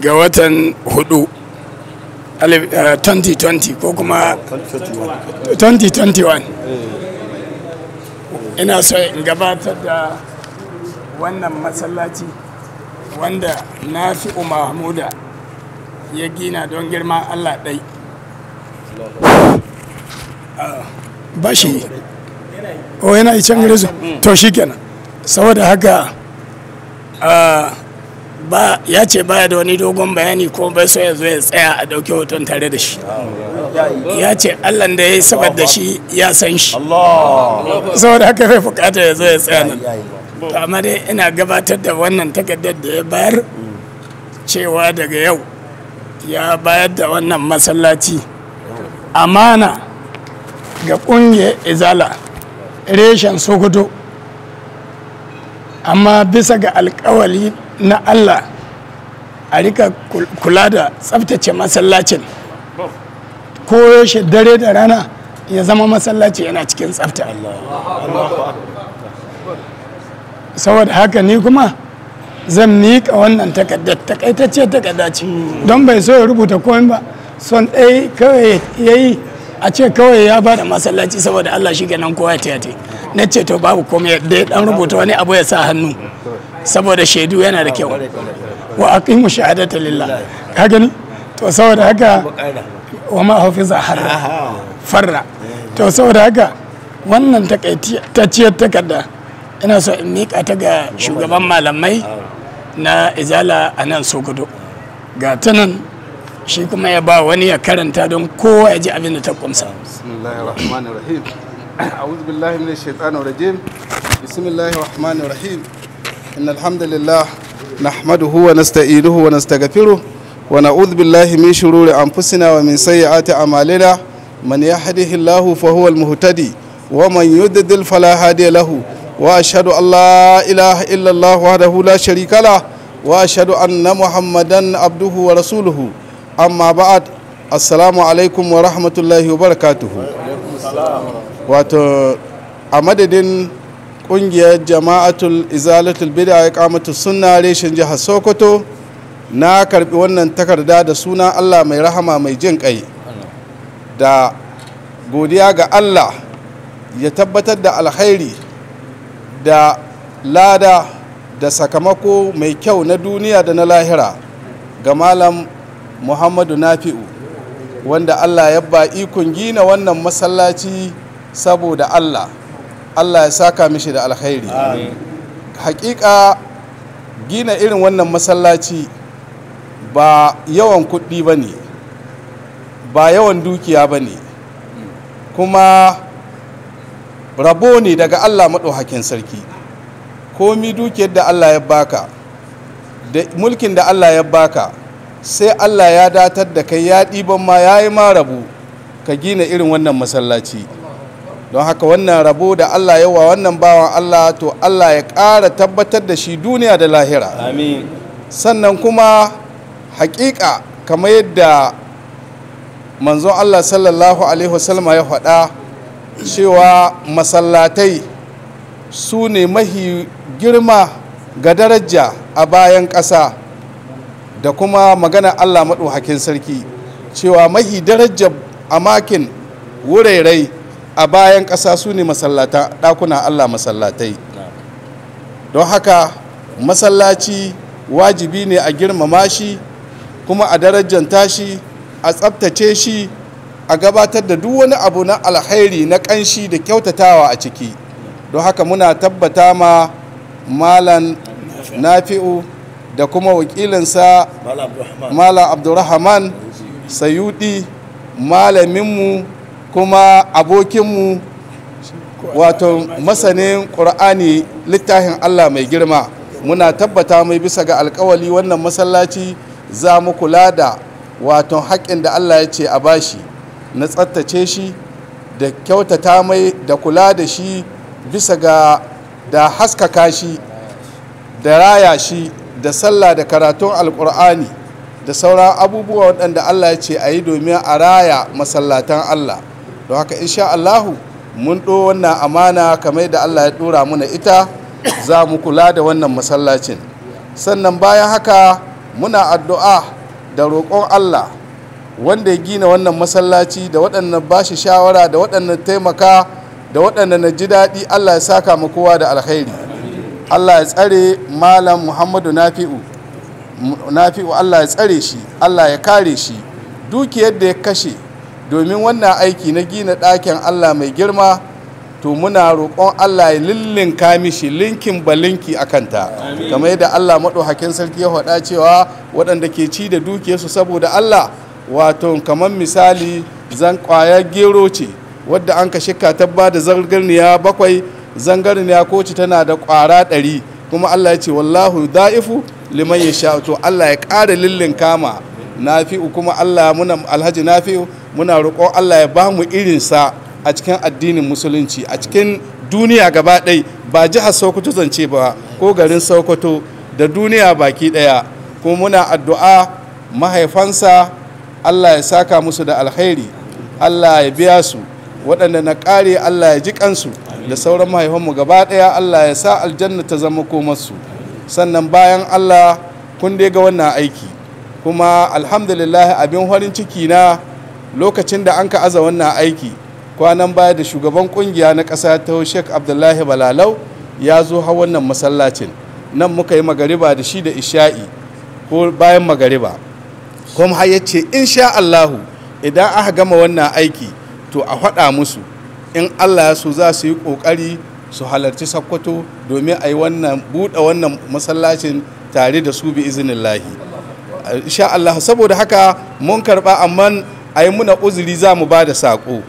ga watan hudu 2020 eh, ko kuma 2021 ina so in gabatar da wannan masallaci wanda na fi mahmuda ya gina don girma allah ɗai ah, ba shi o oh, yana yi can gare to shi kenan saboda haka ah, ya ce baya da wani dogon bayani ko bai so ya zo ya tsaya a dauke hoton tare da shi ya ce allah da ya yi sabar da shi ya san shi saboda haka bai bukata ya zo ya tsaya nan amma dai ina gabatar da wannan takardar da ya bayar cewa daga yau ya bayar da wannan masallaci amana ga ƙungiyar izala reshen sokoto amma bisa ga alkawali na allah a rika kula da tsaftace masallacin ko yaushe dare da rana ya zama masallaci yana cikin tsafta saboda haka ni kuma zan miƙa wannan takaddar takaitacce takarda ce don bai so ya rubuta komai ba son ɗaya kawai ya yi a ce kawai ya ba da masallaci saboda allah shi ganin kowa ta yate na ce to babu komai da ya dan rubuta wani abu ya sa hannu saboda shaidu yana da kyau wa aqimu shahadata lillah ka gani to saboda haka wa ma hafiza har farra to saboda haka wannan ta ce takarda ina so in mika ta ga shugaban malamai na izala a nan sokoto ga ta nan shi kuma ya ba wani ya karanta don kowa ya ji abin da ta kumsa أعوذ بالله من الشيطان الرجيم بسم الله الرحمن الرحيم إن الحمد لله نحمده ونستعينه ونستغفره ونعوذ بالله من شرور أنفسنا ومن سيئات أعمالنا من يهده الله فهو المهتدي ومن يضلل فلا هادي له وأشهد أن لا إله إلا الله وحده لا شريك له وأشهد أن محمدا عبده ورسوله أما بعد السلام عليكم ورحمة الله وبركاته wato a madadin kungiyar jama'atul izalatul bida ya kamata sunna reshen jihar sokoto na karbi wannan takarda da suna allah mai rahama mai jin kai da godiya ga allah ya tabbatar da alkhairi da lada da sakamako mai kyau na duniya da na lahira ga malam muhammadu nafi'u wanda allah ya ba ikon gina wannan masallaci saboda Allah Allah ya saka mishi da alkhairi hakika gina irin wannan masallaci ba yawan kuɗi ba ne ba yawan dukiya ba ne kuma rabo ne daga Allah maɗauhakin sarki komi dukiyar da Allah ya baka da mulkin da Allah ya baka sai Allah ya datar da kai ya ɗiban ma ya yi ma rabu ka gina irin wannan masallaci don haka wannan rabo da Allah ya wa wannan bawan Allah to Allah ya ƙara tabbatar da shi duniya da lahira sannan kuma hakika kamar yadda manzon Allah sallallahu alaihi wasallama ya faɗa cewa masallatai su ne mahi girma ga daraja a bayan ƙasa da kuma magana Allah maɗaukakin sarki cewa mahi darajar makin wurairai a bayan ƙasa su ne masallata ɗakuna allah masallatai don haka masallaci wajibi ne a girmama shi kuma a darajanta tashi a tsabtace shi a gabatar da duk wani abu na alhairi na ƙanshi da kyautatawa a ciki don haka muna tabbata ma malan nafi'u da kuma wakilinsa malam abdurrahman sayudi malaminmu kuma abokinmu wato masanin ƙur'ani littafin allah mai girma muna tabbata mai bisa ga alkawali wannan masallaci za mu kula da wato haƙƙin da allah ya ce a bashi na tsattace shi da kyautata mai da kula da shi bisa ga da haskaka shi da raya shi da sallah da karatun Alƙur'ani, da sauran abubuwa waɗanda allah ya ce a yi domin a raya masallatan allah don haka insha Allahu mun ɗo wannan amana kamar da Allah ya ɗora muna ita za mu kula da wannan masallacin sannan bayan haka muna addu'a da roƙon Allah wanda ya gina wannan masallaci da waɗannan bashi shawara da waɗannan taimaka da waɗannan na ji daɗi Allah ya saka mu kowa da alkhairi Allah ya tsare malam Muhammadu Nafi'u Nafi'u Allah ya tsare shi Allah ya kare shi dukiyar da ya kashe domin wannan aiki na gina ɗakin allah mai girma to muna roƙon allah ya lillinka mishi linkin balinki a kanta kamar yadda allah maɗauhakin sarki ya faɗa cewa waɗanda ke ci da dukiyarsu saboda allah wato kamar misali zan ƙwaya gero ce wadda an ka shika tabba da zangarniya bakwai zangarniya ko ci tana da ƙwara ɗari kuma allah ya ce wallahu da'ifu liman ya sha to allah ya ƙara lillin kama nafi'u kuma allah muna alhaji nafi'u muna roƙon Allah ya ba mu irinsa a cikin addinin musulunci a cikin duniya gaba ɗai ba jihar sokoto zance ba ko garin sokoto da duniya baki ɗaya kuma muna addu'a mahaifansa Allah ya saka musu da alkhairi Allah ya biya su waɗanda na ƙare Allah ya ji kansu da sauran mahaifanmu gaba ɗaya Allah ya sa aljanna ta zama komarsu sannan bayan Allah kun dai ga wannan aiki kuma alhamdulillah abin farin ciki na lokacin da an ka aza wannan aiki kwanan baya da shugaban kungiya na ƙasa ta sheikh abdullahi balalau ya zo hau wannan masallacin nan muka yi magariba da shi da isha'i ko bayan magariba kuma har yace insha Allahu idan aka gama wannan aiki to a faɗa musu in Allah ya so za su yi ƙoƙari su halarci sakkwato domin a yi wannan buɗe wannan masallacin tare da su bi izinin lahi insha saboda haka mun karɓa amma a yi muna uzuri za mu ba da saƙo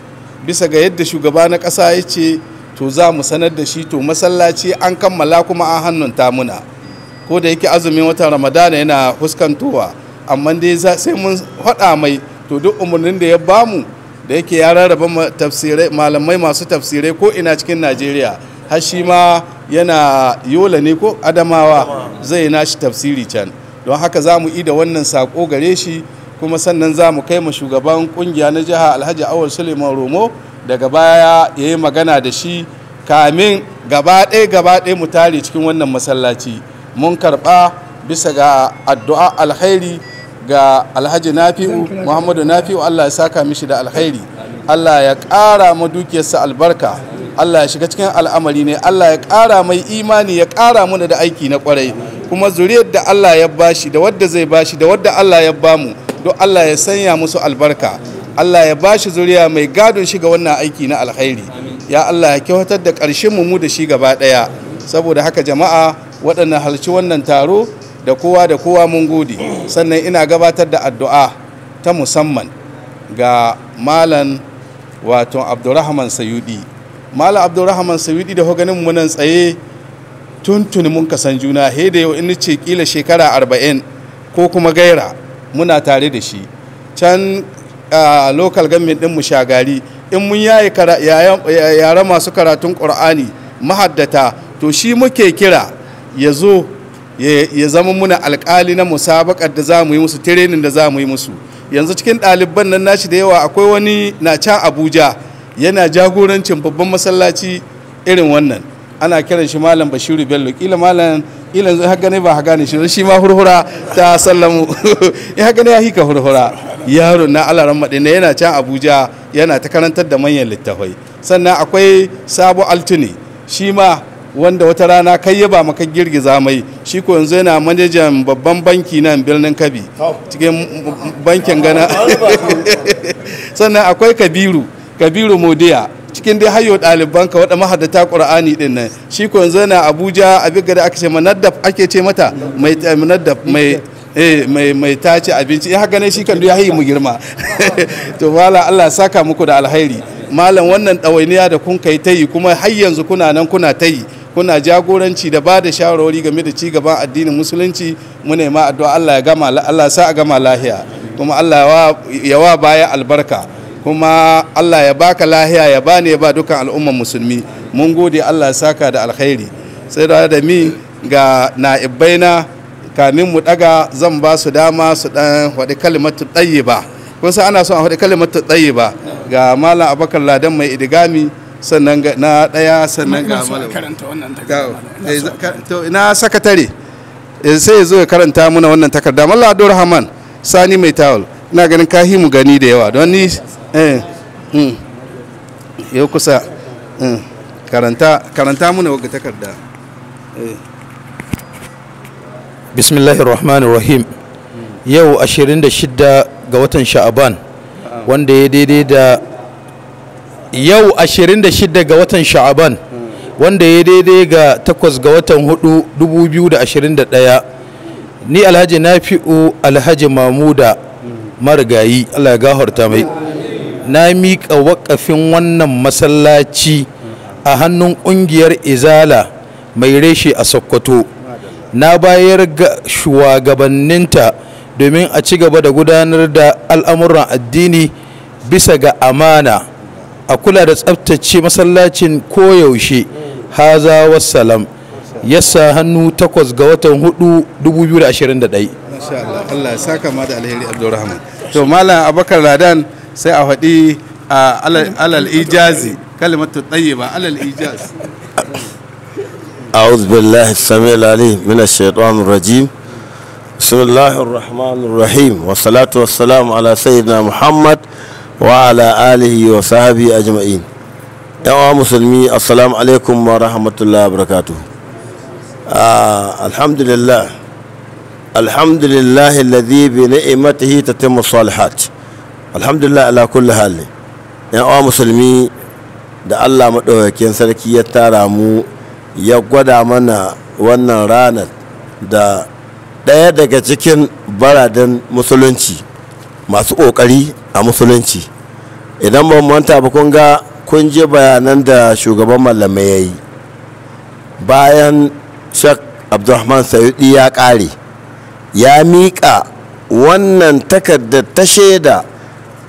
bisa ga yadda shugaba na ƙasa ya ce to za mu sanar da shi to masallaci an kammala kuma an hannun muna ko da yake azumin watan ramadana yana huskantowa amma dai sai mun faɗa mai to duk umarnin da ya bamu da yake ya rarraba tafsirai malamai masu tafsirai ko ina cikin najeriya har shi ma yana yola ne ko adamawa zai nashi tafsiri can don haka za mu yi da wannan sako gare shi kuma sannan za mu kai ma shugaban kungiya na jiha alhaji awal suleiman romo daga baya ya yi magana da shi kamin gaba ɗaya gaba ɗaya mu tare cikin wannan masallaci mun karɓa bisa ga addu'a alkhairi ga alhaji nafi'u muhammadu nafi'u allah ya saka mishi da alkhairi allah ya ƙara ma dukiyarsa albarka allah ya shiga cikin al'amari ne allah ya ƙara mai imani ya ƙara mana da aiki na kwarai kuma zuriyar da allah ya bashi da wadda zai bashi da wadda allah ya bamu don Allah ya sanya musu albarka Allah ya bashi zuriya mai gadon shiga wannan aiki na alkhairi ya Allah ya kyautar da karshen mu da shi gaba ɗaya saboda haka jama'a waɗannan halci wannan taro da kowa da kowa mun gode sannan ina gabatar da addu'a ta musamman ga malam wato abdurrahman sayudi malam abdurrahman sayudi da hoganin mu nan tsaye tuntuni mun kasan juna he da yau in ce kila shekara arba'in ko kuma gaira muna tare da shi can a local government din mu shagari in mun yayi yara masu karatun qur'ani mahaddata to shi muke kira ya zo ya zama muna alkali na musabakar da za mu yi musu tirenin da za mu yi musu yanzu cikin ɗaliban nan nashi da yawa akwai wani na can abuja yana jagorancin babban masallaci irin wannan ana kiran shi malam bashiru bello kila malam ilan zai haka ne ba haka ne shi shi ma hurhura ta sallamu ya haka ne ya hika hurhura yaro na alaran maɗina yana can abuja yana ta karantar da manyan littafai sannan akwai sabo altuni shi ma wanda wata rana kai ba maka girgiza mai shi ko yanzu yana manajan babban banki nan birnin kabi cikin bankin gana sannan akwai kabiru kabiru modiya cikin dai hayo ɗaliban ka waɗanda mahaddata qur'ani din nan shi ko yanzu na abuja abin da ake ce manaddaf ake ce mata mai manaddaf eh, mai eh mai mai tace abinci in haka ne shi kan ya hayi mu girma to wala Allah saka muku da alheri. malam wannan ɗawainiya da kun kai ta kuma har yanzu kuna nan kuna ta kuna jagoranci da ba da shawarwari game da cigaban addinin musulunci mu ma addu'a Allah ya gama Allah sa a gama lahiya kuma Allah ya wa baya albarka kuma Allah ya baka lahiya ya bani ya ba dukan al'umman musulmi mun gode Allah ya saka da alkhairi sai da da mi ga na'ibaina kamin mu daga zan ba su dama su dan faɗi kalimatu tayyiba kun san ana son a faɗi kalimatu tayyiba ga malam Abakar Ladan mai idigami sannan na daya sannan ga malam eh, to ina sakatare eh, sai ya zo ya karanta muna wannan takarda mallam Abdul Rahman Sani mai tawul na ganin kahi mu gani da yawa don ni eh hmm, yau kusa hmm, karanta karanta muna waga takarda eh. bismillahir rahmanir rahim yau 26 ga watan sha'aban wanda ya daidai da yau 26 ga watan sha'aban wanda ya daidai ga 8 ga watan 4 2021 ni alhaji nafi'u alhaji mamuda marigayi Allah ya gafarta mai na miƙa wakafin wannan masallaci a hannun ƙungiyar izala mai reshe a sokoto na bayar ga shugabanninta domin a ci gaba da gudanar da al'amuran addini bisa ga amana a kula da tsabtace masallacin koyaushe haza wassalam yasa hannu 8 ga watan 4 2021 insha Allah Allah ya saka ma da alheri Abdulrahman to malam Abakar Ladan sai a faɗi alal ijazi kalimatu tayyiba alal ijaz أعوذ بالله السميع العليم من الشيطان الرجيم بسم الله الرحمن الرحيم والصلاة والسلام على سيدنا محمد وعلى آله وصحبه أجمعين yawa musulmi assalamu wa rahmatullahi wa ah, alhamdulillah الحمد لله الذي بنعمته تتم الصالحات الحمد لله على كل حال يا أوا مسلمي da Allah maɗaukakin sarki ya tara mu ya gwada mana wannan ranar da Daya daga cikin baradan musulunci masu ƙoƙari a musulunci idan ba manta ba kun ga kun je bayanan da shugaban mallamai ya yi bayan shak abdulrahman sayudi ya ƙare ya miƙa wannan takardar ta shaida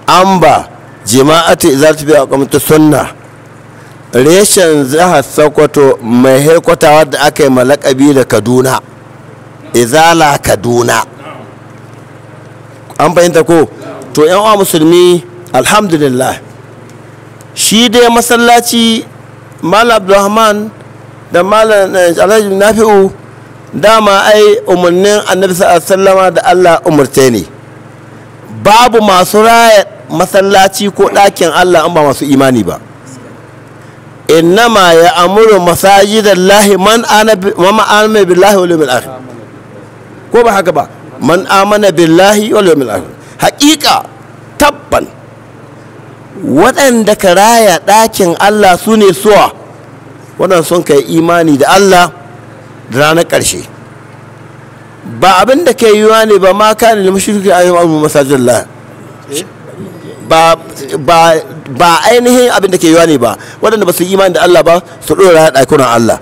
an ba jima'atu za ta biya kwamta sunna reshen jihar sokoto mai herkwatawa da aka yi malakabi da kaduna izala kaduna an fahimta ko to yan uwa musulmi alhamdulillah shi dai masallaci malam abdulrahman da malam eh, alhaji nafi'u dama ai umarnin annabi sallama da allah umarce ne babu masu raya masallaci ko ɗakin allah an ba masu imani ba innama ya amuru masajidan lahi man amana billahi wal yawmil akhir ko ba haka ba man amana billahi wal yawmil akhir haqiqa tabban waɗanda ka raya ɗakin allah su ne suwa waɗanda sun kai imani da allah ranar ƙarshe ba abin da ke yiwuwa ne ba ma ne da mashirki a yi abu la ba ainihin abin da ke yiwuwa ne ba waɗanda ba su imani da Allah ba su ɗora ɗakunan Allah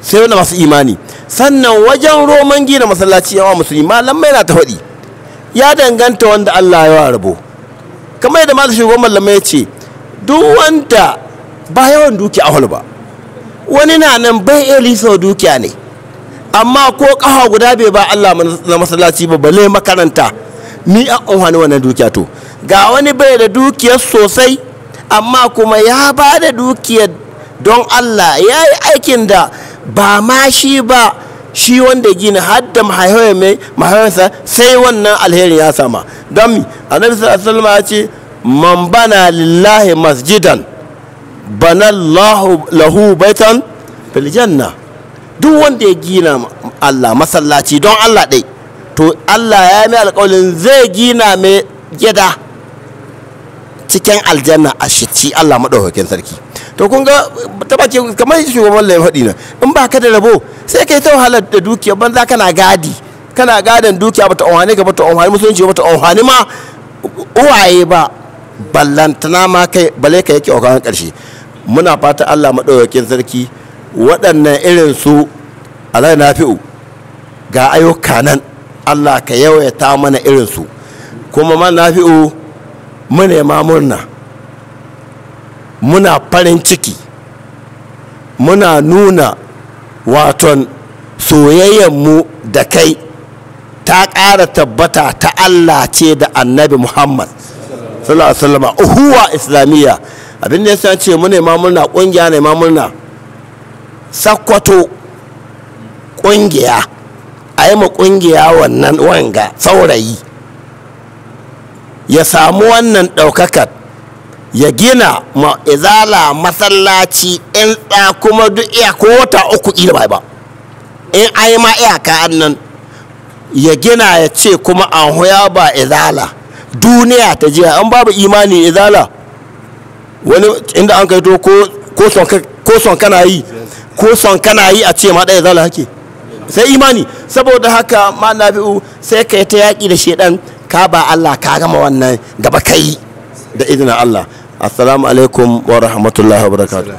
sai wanda masu imani sannan wajen roman gina masallaci yawa musulmi malamai na ta faɗi ya danganta wanda Allah ya rabo kamar yadda masu shugaban malamai ya ce duk wanda ba yawan dukiya a ba wani na nan bai iya lisa dukiya ne amma ko kafa guda bai ba Allah na masallaci ba bale makaranta ni a unhani wannan dukiya to ga wani bai da dukiyar sosai amma kuma ya ba da dukiya don Allah ya yi aikin da ba ma shi ba shi wanda gina hadda mahaifinsa sai wannan alherin ya sama don mi annabi sallallahu ya ce man bana lillahi masjidan bana lahu baitan fil duk wanda ya gina Allah masallaci don Allah ɗai to Allah ya mai alƙawalin zai gina mai gida cikin aljanna a shi Allah maɗaukakin sarki to kun ga ta bace kamar shugaban lai faɗi na in ba ka da rabo sai kai ta wahalar da dukiya banza kana gadi kana gadin dukiya bata amfani ka bata amfani musulunci bata amfani ma uwaye ba ballantana ma kai bale ka yake a ƙarshe muna fata Allah maɗaukakin sarki waɗannan irin su alai nafi'u ga ayyuka nan allah ka yawaita mana irin su kuma man nafi'u mune ma murna muna farin ciki muna nuna waton soyayyenmu da kai ta ƙara tabbata ta allah ce da annabi muhammad sallallahu alaihi wasallam uhuwa islamiyya abin da ya ce muna ma murna ƙungiya ne ma murna Sakwato ƙungiya a yi ma ƙungiya wannan wanga saurayi ya samu wannan daukakar ya gina ma izala masallaci in tsa kuma duk iya ko wata uku bai ba in a yi ma iyaka annan, ya gina ya ce kuma an hoya ba izala duniya ta jiya an babu imani izala wani inda an kai to ko son kana yi ko son kana yi a ce ma ɗaya zala hake sai imani saboda haka ma biyu sai ka ta yaƙi da shedan ka ba Allah ka gama wannan gaba kai da izina Allah assalamu alaikum wa rahmatullahi wa barakatuh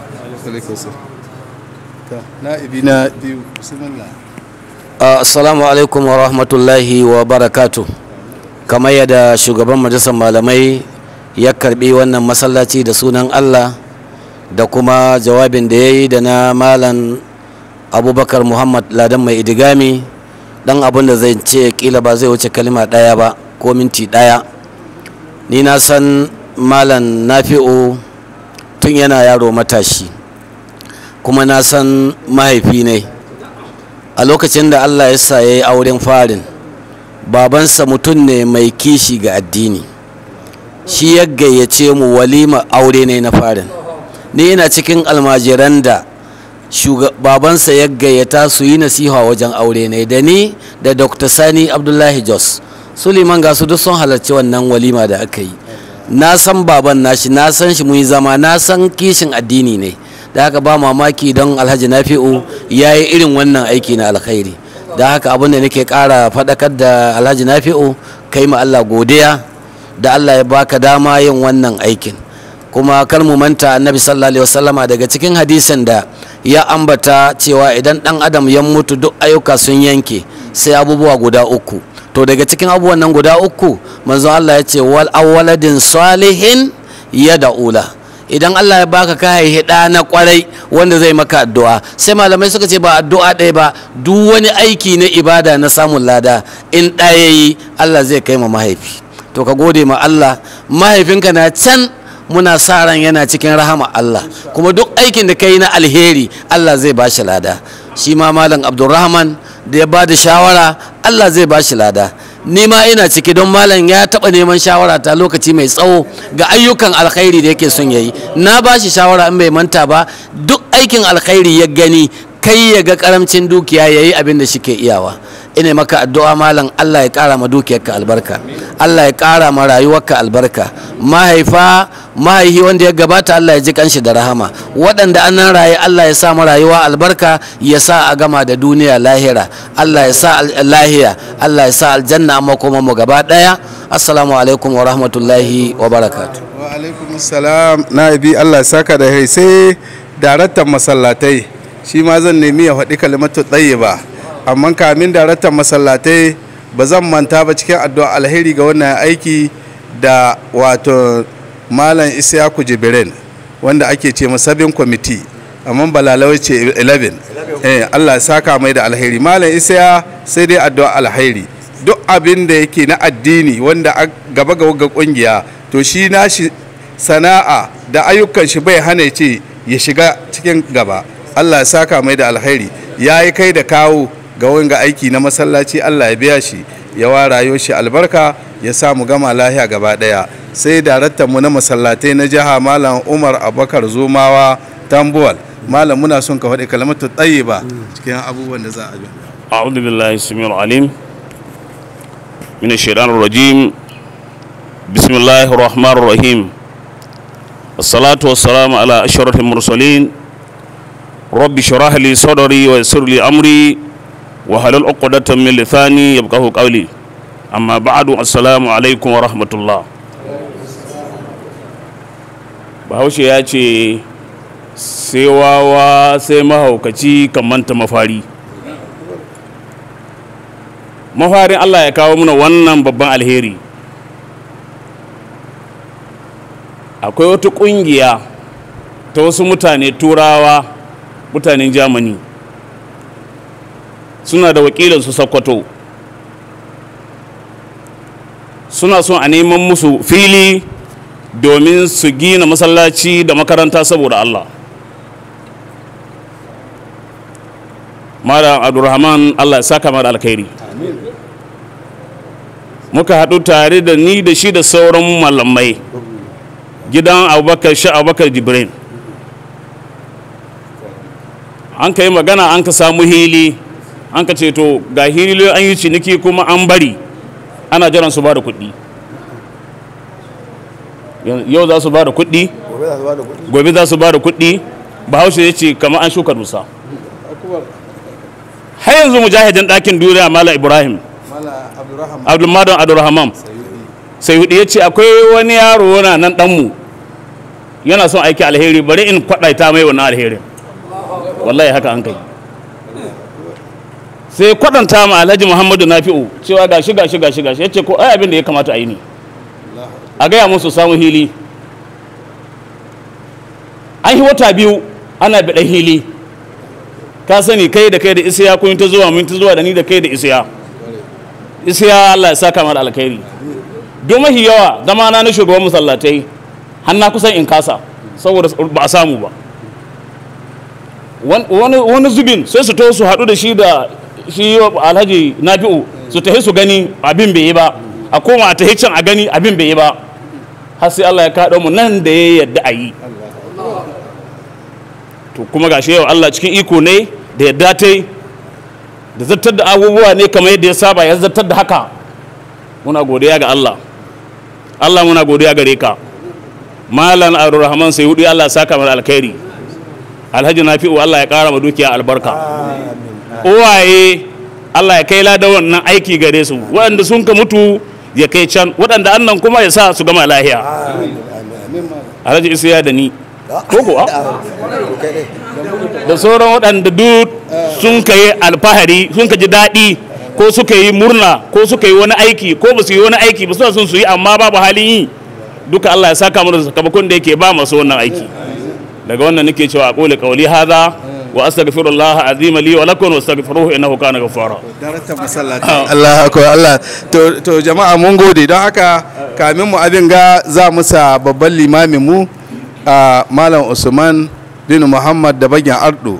na'ibina biyu ah, assalamu alaikum wa rahmatullahi wa barakatuh kamar yadda shugaban majalisar malamai ya karbi wannan masallaci da sunan Allah da kuma jawabin da ya yi da na malam abubakar muhammad ladan mai idigami dan abin da zai ce kila ba zai wuce kalima ɗaya ba ko minti ɗaya ni na san malam nafi'u tun yana yaro matashi kuma na san mahaifi ne a lokacin da allah ya sa ya yi auren farin babansa mutum ne mai kishi ga addini shi ya gayyace mu walima aure ne na farin ne yana cikin almajiran da babansa ya gayyata su yi nasiha wajen aure ne da ni da dr sani abdullahi jos suleiman gasu duk sun halarci wannan walima da aka yi na san baban nashi na san shi mun zama na san kishin addini ne da haka ba mamaki don alhaji nafi'u ya yi irin wannan aiki na alkhairi da haka abin da nake kara faɗakar da alhaji nafi'u kai ma allah godiya da allah ya baka dama yin wannan aikin kuma kar mu manta annabi sallallahu alaihi wasallama daga cikin hadisin da ya ambata cewa idan dan adam ya mutu duk ayyuka sun yanke sai abubuwa guda uku to daga cikin abubuwan nan guda uku manzon Allah ya ce wal awwaladin salihin da'ula, idan Allah ya baka ka hida na kwarai wanda zai maka addu'a sai malamai suka ce ba addu'a ɗaya ba duk wani aiki na ibada na samun lada in ɗaya yi Allah zai kai ma mahaifi to ka gode ma Allah mahaifinka na can muna sa ran yana cikin rahama Allah kuma duk aikin da ka yi na alheri Allah zai ba shi lada shi ma malam abdulrahman da ya ba da shawara Allah zai ba shi lada ni ma ina ciki don malam ya taɓa neman shawara ta lokaci mai tsawo ga ayyukan alkhairi da yake son yayi na ba shi shawara in bai manta ba duk aikin alkhairi ya gani kai ya ga karamcin dukiya ya yi abin da shi ke iyawa ina maka addu'a malam Allah ya ƙara ma dukiyarka albarka Allah ya ƙara ma rayuwarka albarka mahaifa mahaihi wanda ya gabata Allah ya ji kanshi da rahama waɗanda an nan raye Allah ya sa mu rayuwa albarka ya sa a gama da duniya lahira Allah ya sa lahiya Allah ya sa aljanna amma kuma mu gaba ɗaya assalamu alaikum wa rahmatullahi wa barakatuh wa alaikum assalam na'ibi Allah ya saka da sai daraktan masallatai shi ma zan nemi ya faɗi kalimatu tsaye ba amma kamin daraktan masallatai ba zan manta ba cikin addu'a alheri ga wannan aiki da wato malam isyaku jibirin wanda ake ce masabin kwamiti amma balalawai ce 11 eh Allah saka mai da alheri malam isya sai dai addu'a alheri duk abin da yake na addini wanda gaba ga wuga kungiya to shi na shi sana'a da ayyukan shi bai hana ce ya shiga cikin gaba Allah ya saka mai da alheri ya yi kai da kawo ga wanga aiki na masallaci Allah ya biya shi ya wara shi albarka ya samu gama lahiya gaba daya sai daraktan mu na masallatai na jiha malam Umar Abubakar Zomawa Tambuwal malam muna son ka faɗi tsaye ba cikin abubuwan da za a bi a'udhu billahi samir alim min ash rajim bismillahir rahmanir rahim والصلاة salama ala أشرف mursalin rabbi sharahli sadri wa yassirli amri wa halal uqdatan min lisani yafqahu qawli amma ba'du assalamu alaikum wa rahmatullah bahaushe ya ce sai wawa sai mahaukaci kan manta mafari mafarin allah ya kawo muna wannan babban alheri akwai wata kungiya ta wasu mutane turawa mutanen jamani suna da su sakwato suna son a neman musu fili domin su gina masallaci da makaranta saboda allah malam abdulrahman allah ya saka mara alkhairi muka haɗu tare da ni da shi da sauran malamai gidan abubakar sha abubakar jibrin an ka yi magana an ka samu hili an ka ce to ga hili an yi ciniki kuma an bari ana jiran su ba da kuɗi yau za su ba da kuɗi gobe za su ba da kuɗi bahaushe ya ce kama an shuka dusa har yanzu mujahidin ɗakin duniya mala ibrahim abdulmadon abdulrahman sai hudu ya ce akwai wani yaro na nan ɗanmu yana son aiki alheri bari in kwaɗaita mai wannan alherin wallahi haka an kai sai kwadanta ma alhaji muhammadu nafi'u cewa gashi gashi gashi gashi ya ce ko ai abin da ya kamata a yi ne a gaya musu samu hili an yi wata biyu ana biɗa hili ka sani kai da kai da isiya kun ta zuwa mun ta zuwa da ni da kai da isiya isiya Allah ya saka mana alkhairi don mahi yawa zama na shugaban masallatai har na kusan in kasa saboda ba a samu ba wani zubin sai su to su haɗu da shi da shi e alhaji nafi'u su tahi su gani abin bai yi ba a koma a tahi can a gani abin bai yi ba har sai Allah ya kaɗo mu nan da ya yadda a yi to kuma gashi yau Allah cikin iko ne da yadda ta da zartar da abubuwa ne kamar yadda ya saba ya zartar da haka muna godiya ga Allah Allah muna godiya gare ka malam arurrahman sai hudu Allah saka mana alkhairi alhaji na nafi'u Allah ya ƙara ma dukiya albarka uwaye Allah ya kai lada wannan aiki gare su waɗanda sun ka mutu ya kai can waɗanda annan kuma ya sa su gama lahiya alhaji isu ya da ni kuwa da sauran waɗanda duk sun ka yi alfahari sun ka ji daɗi ko suka yi murna ko suka yi wani aiki ko ba su yi wani aiki ba son su yi amma babu halin yi duka Allah ya saka mu da sakamakon da yake ba masu wannan aiki daga wannan nake cewa a ƙoli ƙauli haza wa astaghfirullah azim li wa lakum wa astaghfiruhu innahu kana ghaffara darata masallati ah. Allah ko Allah to to jama'a mun gode don haka kamin mu abin ga za mu sa babban limamin mu a malam Usman bin Muhammad da bagin Ardo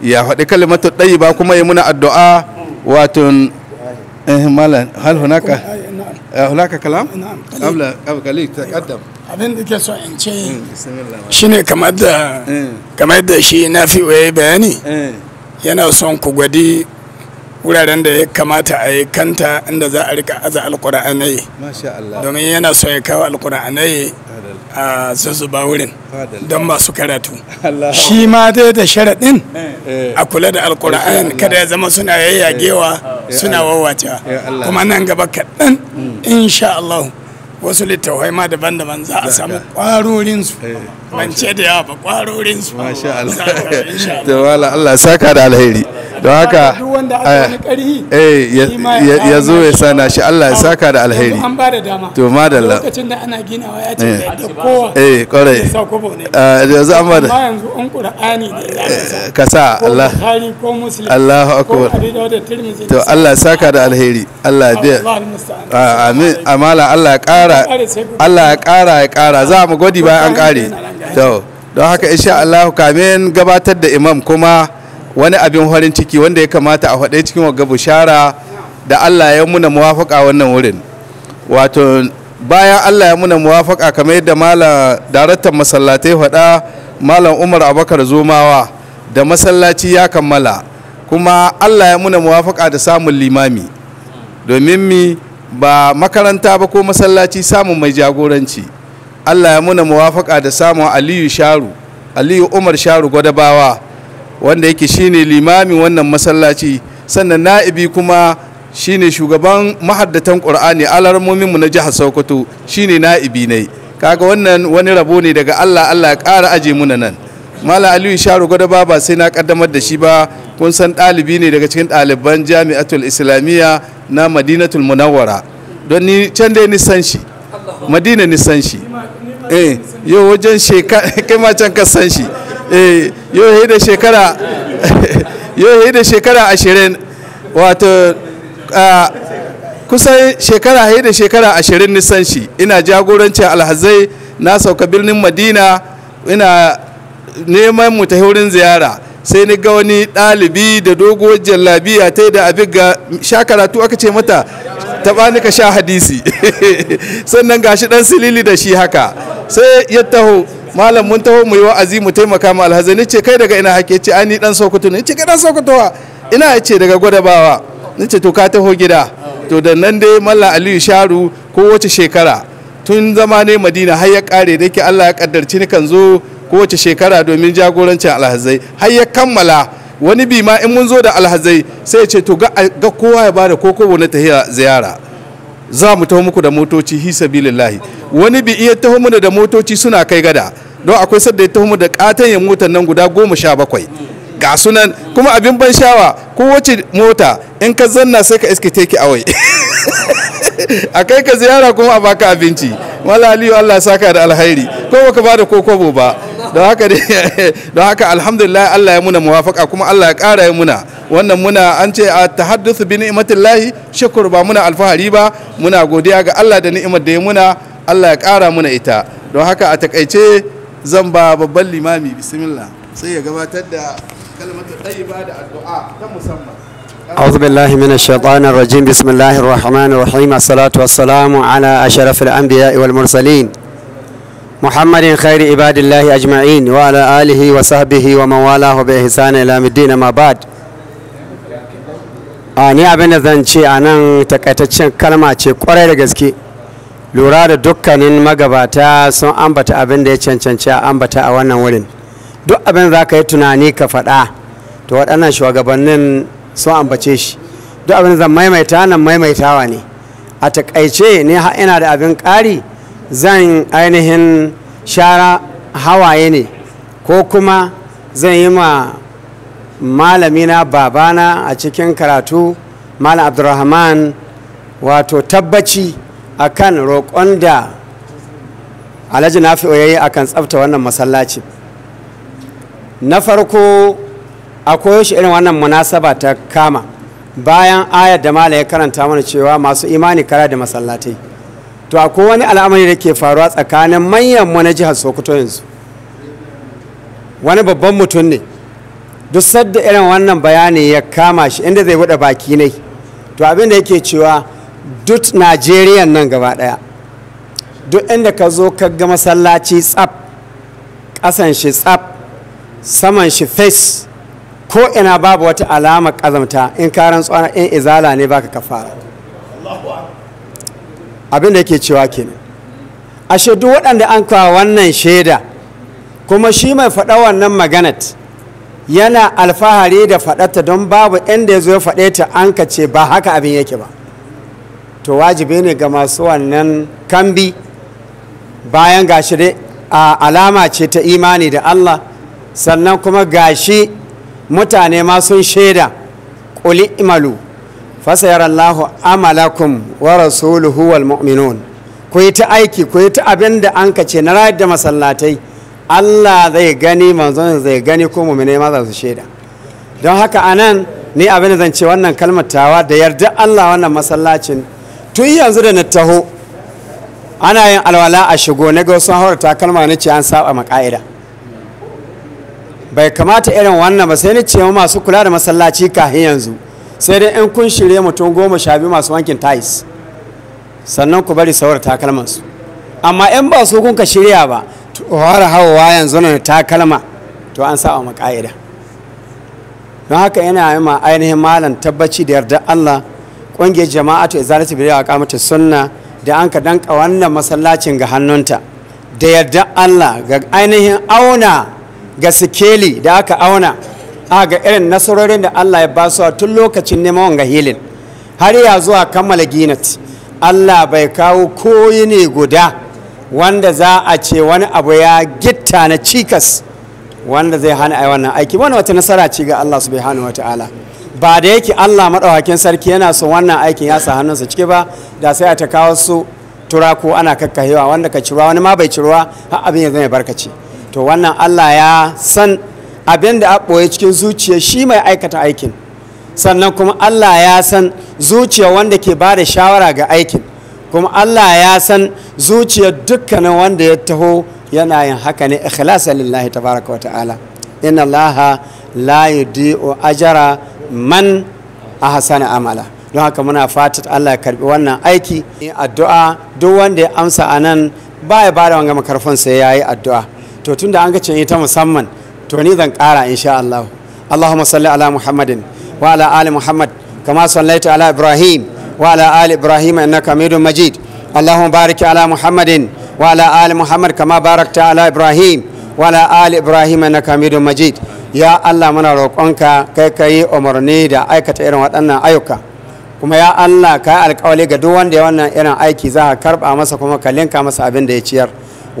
ya faɗi kalimatu ɗayiba kuma yi muna addu'a wato eh, malam hal hunaka eh, hunaka kalam na'am qabla qabla taqaddam abin da ke so in ce mm, shine ne mm. kamar da shi na fi waye bayani mm. yana son ku gwadi wuraren da ya kamata a yi kanta inda za a rika aza alkur'anai domin yana so ya kawo alkur'anai a zuzzuba wurin don masu karatu shi ma dai da sharaɗin eh, eh. a kula da alkur'an kada ya zama suna yayyagewa eh, suna wawacewa kuma nan gaba kaɗan insha Allah wasu littawai ma daban-daban za a samu ƙwarorinsu eh. ban da ba kwarorin su masha Allah to Allah saka da alheri don haka eh, eh, ya zo ya sana shi Allah ya saka da alheri to madalla lokacin da ana ginawa ya ce eh. da kowa eh yanzu an ba da yanzu an qur'ani ne ka sa Allah ko muslim Allahu akbar to Allah saka da alheri Allah biya ah, amin amala Allah ya kara Allah ya kara ya kara za mu godi bayan an kare to don haka insha Allah kamin gabatar da imam kuma wani abin farin ciki wanda ya kamata a faɗe cikin gabu bushara da Allah ya muna muwafaka wannan wurin wato bayan Allah ya muna muwafaka kamar yadda malam daraktan masallatai faɗa malam Umar Abakar Zomawa da masallaci ya kammala kuma Allah ya muna muwafaka da samun limami domin mi ba makaranta ba ko masallaci samun mai jagoranci Allah ya muna muwafaka da samun Aliyu Sharu Aliyu Umar Sharu Gwadabawa wanda yake shine limamin wannan masallaci sannan na'ibi kuma shine shugaban mahaddatan Qur'ani alarmomin mu na jihar Sokoto shine na'ibi ne kaga wannan wani rabo ne daga Allah Allah ya ƙara aje muna nan Mala Aliyu Sharu Gwadabawa ba sai na kaddamar da shi ba kun san ɗalibi ne daga cikin ɗaliban Jami'atul Islamiyya na Madinatul Munawwara don ni can dai ni san shi Madina ni san shi eh yau wajen shekara kai ma can ka san shi eh yau da shekara yau da shekara ashirin wato kusan shekara da shekara ashirin san shi ina jagorancin alhazai na sauka birnin madina ina neman mu ta wurin ziyara sai ni ga wani ɗalibi da dogo jallabiya ta da abin ga sha karatu aka ce mata ta ni ka sha hadisi sannan gashi dan silili da shi haka sai ya taho malam mun taho mu yi wa'azi mu taimaka ma ni ce kai daga ina hake ce ani dan sokoto ne ce kai dan sokoto wa ina ce daga gwadabawa ni ce to ka taho gida to da nan dai malla aliyu sharu ko kowace shekara tun zama ne madina har ya kare da yake allah ya kaddarci ni kan zo ko wace shekara domin jagorancin alhazai har ya kammala wani bi ma in mun zo da alhazai sai ce to ga kowa ya bada koko wani tahiya ziyara za mu taho muku da motoci hisabilillahi wani bi iya taho muna da motoci suna kai gada don akwai sadda ya taho mu da katon ya nan guda goma sha bakwai ga sunan kuma abin ban shawa ko wace mota in ka zanna sai ka iske take away a kai ka ziyara kuma a baka abinci wala aliyu Allah saka da alhairi ko baka bada ko kobo ba don haka don haka alhamdulillah Allah ya muna muwafaka kuma Allah ya kara ya muna wannan muna an ce a tahaddathu bi ni'matillahi shukr ba muna alfahari ba muna godiya ga Allah da ni'imar da ya muna Allah ya kara muna ita don haka a takaice zan ba babban limami bismillah sai ya gabatar da kalmata tayyiba da addu'a ta musamman أعوذ بالله من الشيطان الرجيم بسم ni abin zan ce a nan takaitaccen kalma ce kwarai da gaske lura da dukkanin magabata sun ambata abinda ya cancanci a ambata a wannan wurin duk abin za ka yi tunani ka faɗa to waɗannan shugabannin sun ambace shi duk abin zan maimaita nan maimaitawa ne a taƙaice ne ina da abin ƙari zan ainihin shara hawaye ne ko kuma zan yi ma malamina babana a cikin karatu malam abdulrahman wato tabbaci akan roƙon da alhaji nafi'o ya yi akan tsafta wannan masallaci. na farko a koyaushe irin wannan munasaba ta kama bayan ayar da mala ya karanta mana cewa masu imani kara da masallatai to akwai wani al'amari da ke faruwa tsakanin manyan mu na jihar sokoto yanzu wani babban mutum ne duk sadda irin wannan bayani ya kama shi inda zai buɗe baki ne to abin da yake cewa duk najeriya nan gaba ɗaya duk inda ka zo ka ga masallaci tsaf ƙasan shi tsaf saman shi face ko ina babu wata alama ƙazamta in karan tsana in izala ne baka kafara abin da yake cewa kenan A duk waɗanda an kawo wannan shaida kuma shi mai faɗa wannan maganat yana alfahari da faɗata don babu inda ya zo ya faɗe ta an ka ce ba haka abin yake ba to wajibi ne ga masu wannan kambi bayan gashi dai alama ce ta imani da Allah sannan kuma gashi mutane ma sun shaida ƙuli imalu fasayar Allahu amalakum wa rasuluhu wal mu'minun ku yi ta aiki ku yi ta abin da an kace na rayar da masallatai Allah zai gani manzon zai gani ko mu'mine ma za su shaida don haka anan ni abin da zan ce wannan kalmar tawa da yarda Allah wannan masallacin tun yanzu da na taho ana yin alwala a shigo na ga wasu hawar takalma na ce an saba ma ka'ida bai kamata irin wannan ba sai ni ce masu kula da masallaci kahin yanzu sai dai in kun shirye mutum goma sha biyu masu wankin tais sannan ku bari saurar su amma in ba su kun ka shirya ba to har hawa yanzu na takalma to an sa a makaida don haka yana yi ma ainihin malam tabbaci da yarda Allah ƙungiyar jama'atu izalatu bi aka mata sunna da an ka danka wannan masallacin ga hannunta da yarda Allah ga ainihin auna ga sikeli da aka auna a ga irin nasarorin da Allah ya ba su tun lokacin neman ga hilin har ya zuwa kammala ginat Allah bai kawo koyi ne guda wanda za a ce wani abu ya gitta na cikas wanda zai hana a wannan aiki wani wata nasara ce ga Allah subhanahu wa ta'ala ba da yake Allah maɗaukakin sarki yana son wannan aikin ya sa hannunsa ciki ba da sai a ta kawo su tura ana kakkahewa wanda ka ciruwa wani ma bai ciruwa har abin ya zama barkaci to wannan Allah ya san abin da ɓoye cikin zuciya shi mai aikata aikin sannan kuma Allah ya san zuciya wanda ke ba da shawara ga aikin kuma Allah ya san zuciya dukkanin wanda ya taho yana yin haka ne ikhlasa lillahi tabaraka ta'ala. inna laha la yudi'u ajara man hasana amala don haka muna fatan Allah ya karbi wannan aiki addu'a duk wanda ya amsa anan ba ya bada wanga makarfin sai yayi addu'a to tunda an ga cinye ta musamman to ni zan ƙara insha Allah Allahumma salli ala Muhammadin wa ala ali Muhammad kama sallaita ala Ibrahim wa ala ali Ibrahim innaka Hamidum Majid Allahumma barik ala Muhammadin wa ala ali Muhammad kama barakta ala Ibrahim wa ala ali Ibrahim innaka Hamidum Majid ya Allah muna roƙonka kai ka yi umarni da aikata irin waɗannan ayyuka kuma ya Allah ka yi alƙawali ga duk wanda ya wannan irin aiki za ka karɓa masa kuma ka linka masa abin da ya ciyar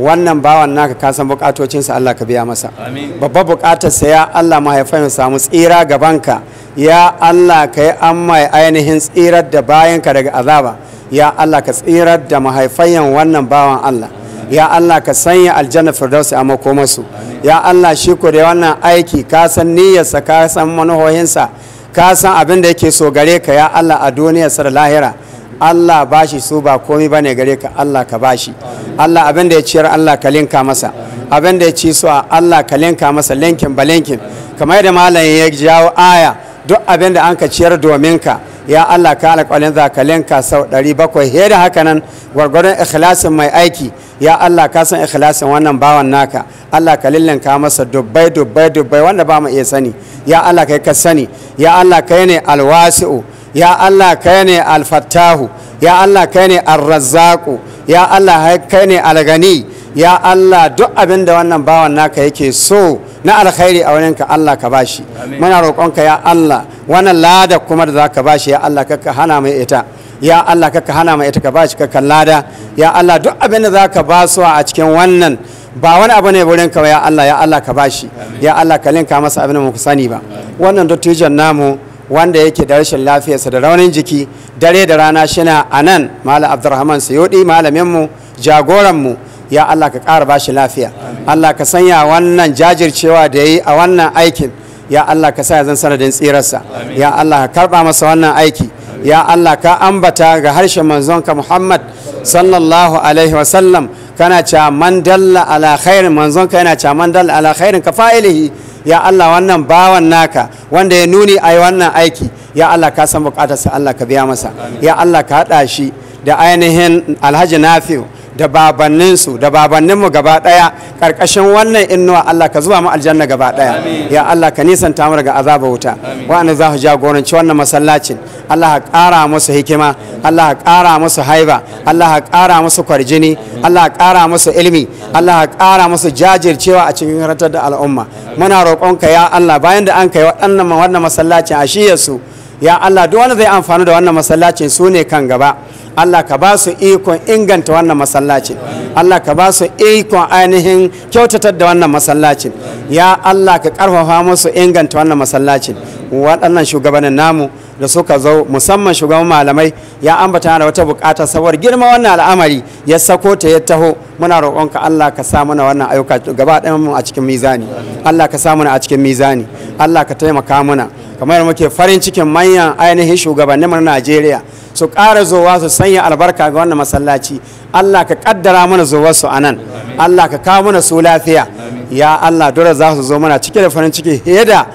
wannan bawan naka ka san bukatocinsa Allah ka biya masa babba sa ya Allah mahaifin samu tsira gabanka ya Allah ka yi an mai ainihin tsirar da bayanka daga azaba ya Allah ka tsirar da mahaifayen wannan bawan Allah ya Allah ka sanya aljanna firdausi a makomarsu ya Allah shi ku da wannan aiki ka san niyyarsa ka san manuhohinsa ka san abin da yake so gare ka ya Allah a duniyarsa da lahira Allah bashi su ba komai ne gare ka Allah ka bashi Allah abin da ya ciyar Allah ka linka masa abin da ya ci su a Allah ka linka masa linkin ba linkin kamar yadda malayin ya jawo aya duk abin da an ka ciyar domin ka ya Allah ka alƙalin za ka sau ɗari he da haka nan gwargwadon ikhlasin mai aiki ya Allah ka san ikhlasin wannan bawan naka Allah ka lillinka masa dubbai dubbai dubbai wanda ba mu iya sani ya Allah kai ka sani ya Allah kai ne alwasi'u ya Allah kai ne alfattahu ya Allah kai ne arrazzaku ya Allah kai ne algani ya Allah duk abin da wannan bawan naka yake so na alkhairi a wurinka Allah ka bashi muna roƙonka ya Allah wannan lada kuma da zaka bashi ya Allah ka hana mai ita ya Allah ka hana mai ita ka bashi ka lada ya Allah duk abin da zaka su a cikin wannan ba wani abu ne wurin ka ya Allah ya Allah ka bashi ya Allah ka linka masa abin da mu sani ba wannan dattijan namu wanda yake da rashin lafiyarsa da raunin jiki dare da rana shina a nan malam abdurrahman sayodi malaminmu jagoranmu ya allah ka ƙara ba shi lafiya allah ka sanya wannan jajircewa da ya yi a wannan aikin ya allah ka sanya zan sanadin tsirarsa ya allah ka karɓa masa wannan aiki ya allah ka ambata ga harshen ka muhammad sallallahu alaihi wasallam kana ca man dalla ala khairin ka yana ca man dalla ala khairin ka fa'ilihi ya Allah wannan bawan naka wanda ya nuni a wannan aiki ya Allah ka san bukatarsa Allah ka biya masa ya Allah ka haɗa shi da ainihin alhaji nafi'u da babanninsu da babanninmu gaba ɗaya ƙarƙashin wannan innuwa Allah ka zuba mu aljanna gaba ɗaya ya Allah ka nisanta mu daga azaba wuta wa'anda za su jagoranci wannan masallacin Allah ka kara musu hikima Allah ka kara musu haiba Allah ka kara musu kwarjini Allah ka ƙara musu ilimi Allah ka kara musu jajircewa a cikin ratar da al'umma muna roƙonka ya Allah bayan da an kai waɗannan wannan masallacin a shiyarsu su ya Allah duk wanda zai amfani da wannan masallacin su ne kan gaba Allah ka ba su ikon inganta wannan masallacin Allah ka ba su ikon ainihin kyautatar da wannan masallacin ya Allah ka karfafa musu inganta wannan masallacin waɗannan shugabannin namu da suka zo musamman shugaban malamai ya ambata da wata bukata sabuwar girma wannan al'amari ya sako ta ya taho muna roƙonka Allah ka sa mana wannan ayyuka gaba ɗayan mu a cikin mizani Allah ka sa mana a cikin mizani Allah ka taimaka mana kamar muke farin cikin manyan ainihin shugabannin mu na Najeriya su ƙara zowa su sanya albarka ga wannan masallaci Allah ka kaddara mana zuwar su anan Allah ka kawo mana su lafiya ya Allah dole za su zo mana cike da farin ciki heda da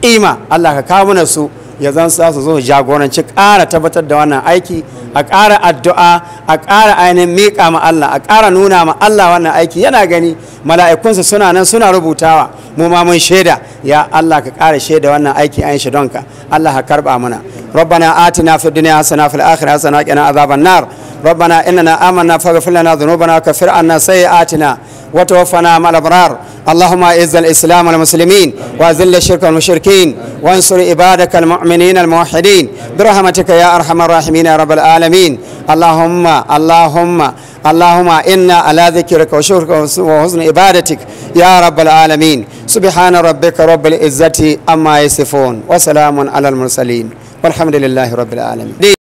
kima Allah ka kawo mana su ya zan sa su zo jagoranci ƙara tabbatar da wannan aiki a kara addu'a a ƙara ainihin miƙa ma Allah a kara nuna ma Allah wannan aiki yana gani mala'ikunsa suna nan suna rubutawa mu ma mun shaida ya Allah ka ƙara shaida wannan aiki ayin shi donka Allah ka karba mana ربنا آتنا في الدنيا حسنة في الآخرة حسنة وقنا عذاب النار ربنا إننا آمنا فاغفر لنا ذنوبنا وكفر عنا سيئاتنا وتوفنا مع الأبرار اللهم أعز الإسلام والمسلمين وأذل الشرك والمشركين وانصر عبادك المؤمنين الموحدين برحمتك يا أرحم الراحمين يا رب العالمين اللهم اللهم اللهم إنا على ذكرك وشكرك وحسن عبادتك يا رب العالمين سبحان ربك رب العزة أما يصفون وسلام على المرسلين والحمد لله رب العالمين